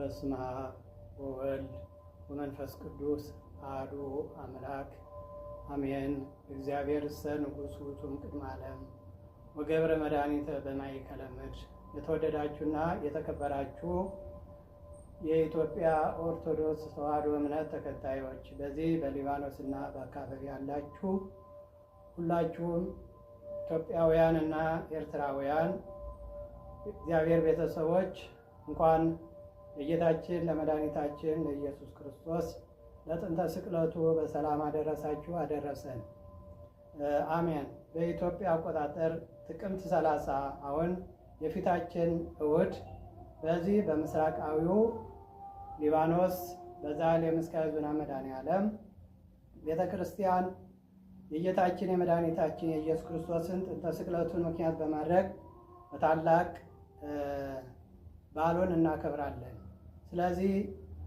በስመ አብ ወወልድ ወመንፈስ ቅዱስ አሐዱ አምላክ አሜን። እግዚአብሔር እሰ ንጉሥ ውእቱ ቅድመ ዓለም ወገብረ መድኃኒተ በማእከለ ምድር። የተወደዳችሁና የተከበራችሁ የኢትዮጵያ ኦርቶዶክስ ተዋሕዶ እምነት ተከታዮች በዚህ በሊባኖስና በአካባቢ ያላችሁ ሁላችሁም ኢትዮጵያውያን እና ኤርትራውያን እግዚአብሔር ቤተሰቦች እንኳን ለጌታችን ለመድኃኒታችን ለኢየሱስ ክርስቶስ ለጥንተ ስቅለቱ በሰላም አደረሳችሁ አደረሰን፣ አሜን። በኢትዮጵያ አቆጣጠር ጥቅምት ሰላሳ አሁን የፊታችን እሁድ በዚህ በምስራቃዊው ሊባኖስ በዛል የምስካየ ኅዙናን ዓለም ቤተ ክርስቲያን የጌታችን የመድኃኒታችን የኢየሱስ ክርስቶስን ጥንተ ስቅለቱን ምክንያት በማድረግ በታላቅ በዓሉን እናከብራለን። ስለዚህ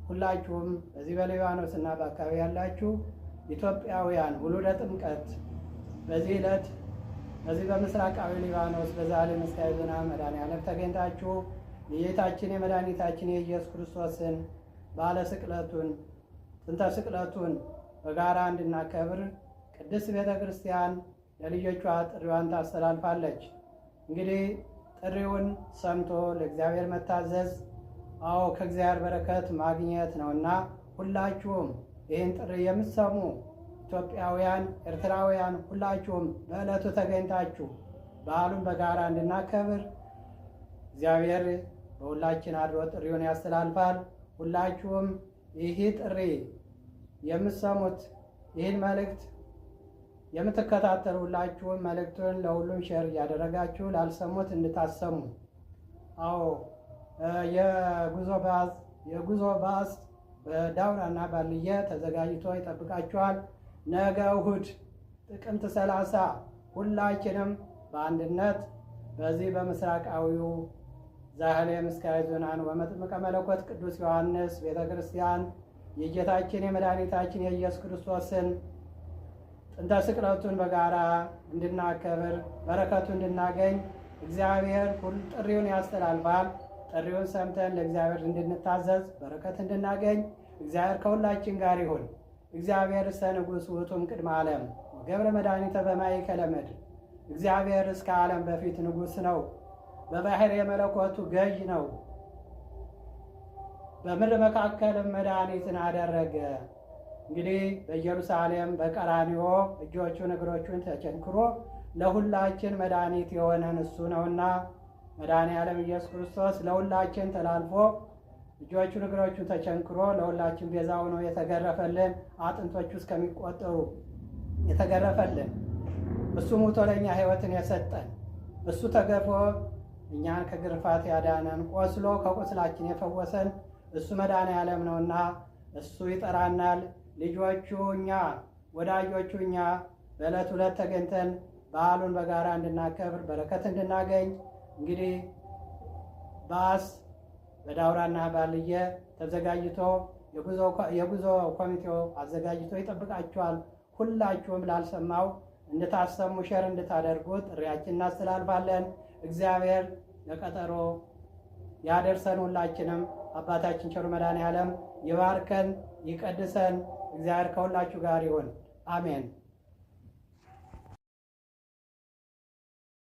ሁላችሁም በዚህ በሊባኖስ እና በአካባቢ ያላችሁ ኢትዮጵያውያን ሁሉ ለጥምቀት በዚህ ዕለት በዚህ በምስራቃዊ ሊባኖስ በዛሌ መስታዊ ዝና መድኃኔዓለም ተገኝታችሁ የጌታችን የመድኃኒታችን የኢየሱስ ክርስቶስን ባለ ስቅለቱን ጥንተ ስቅለቱን በጋራ እንድናከብር ቅድስት ቤተ ክርስቲያን ለልጆቿ ጥሪዋን ታስተላልፋለች። እንግዲህ ጥሪውን ሰምቶ ለእግዚአብሔር መታዘዝ አዎ ከእግዚአብሔር በረከት ማግኘት ነው እና ሁላችሁም ይህን ጥሪ የምትሰሙ ኢትዮጵያውያን፣ ኤርትራውያን ሁላችሁም በዕለቱ ተገኝታችሁ በዓሉን በጋራ እንድናከብር እግዚአብሔር በሁላችን አድሮ ጥሪውን ያስተላልፋል። ሁላችሁም ይህ ጥሪ የምትሰሙት ይህን መልእክት የምትከታተሉ ሁላችሁም መልእክቱን ለሁሉም ሸር እያደረጋችሁ ላልሰሙት እንድታሰሙ አዎ የጉዞ ባስ የጉዞ ባስ በዳውራና ባልየ ተዘጋጅቶ ይጠብቃችኋል። ነገ እሁድ ጥቅምት ሰላሳ ሁላችንም በአንድነት በዚህ በምስራቃዊው ዛህሌ ምስካየ ኅዙናን ወመጥምቀ መለኮት ቅዱስ ዮሐንስ ቤተ ክርስቲያን የጌታችን የመድኃኒታችን የኢየሱስ ክርስቶስን ጥንተ ስቅለቱን በጋራ እንድናከብር በረከቱ እንድናገኝ እግዚአብሔር ሁሉ ጥሪውን ያስተላልፋል። ጥሪውን ሰምተን ለእግዚአብሔር እንድንታዘዝ በረከት እንድናገኝ እግዚአብሔር ከሁላችን ጋር ይሁን። እግዚአብሔር እስተ ንጉሥ ውእቱም ቅድመ ዓለም ገብረ መድኃኒተ በማእከለ ምድር እግዚአብሔር እስከ ዓለም በፊት ንጉሥ ነው። በባሕር የመለኮቱ ገዥ ነው። በምድር መካከልም መድኃኒትን አደረገ። እንግዲህ በኢየሩሳሌም በቀራኒዮ እጆቹን እግሮቹን ተቸንክሮ ለሁላችን መድኃኒት የሆነን እሱ ነውና መድኃኔ ዓለም ኢየሱስ ክርስቶስ ለሁላችን ተላልፎ እጆቹን እግሮቹ ተቸንክሮ ለሁላችን ቤዛ ሆኖ የተገረፈልን አጥንቶቹ እስከሚቆጠሩ የተገረፈልን እሱ ሙቶ ለእኛ ሕይወትን የሰጠን እሱ ተገፎ እኛን ከግርፋት ያዳነን ቆስሎ ከቁስላችን የፈወሰን እሱ መድኃኔ ዓለም ነውና እሱ ይጠራናል። ልጆቹ እኛ ወዳጆቹ እኛ በዕለት ሁለት ተገኝተን በዓሉን በጋራ እንድናከብር በረከት እንድናገኝ እንግዲህ ባስ በዳውራና ባልየ ተዘጋጅቶ የጉዞ ኮሚቴው አዘጋጅቶ ይጠብቃችኋል። ሁላችሁም ላልሰማው እንድታሰሙ ሸር እንድታደርጉት ጥሪያችን እናስተላልፋለን። እግዚአብሔር ለቀጠሮ ያደርሰን። ሁላችንም አባታችን ቸሩ መዳን ያለም ይባርከን፣ ይቀድሰን። እግዚአብሔር ከሁላችሁ ጋር ይሁን። አሜን።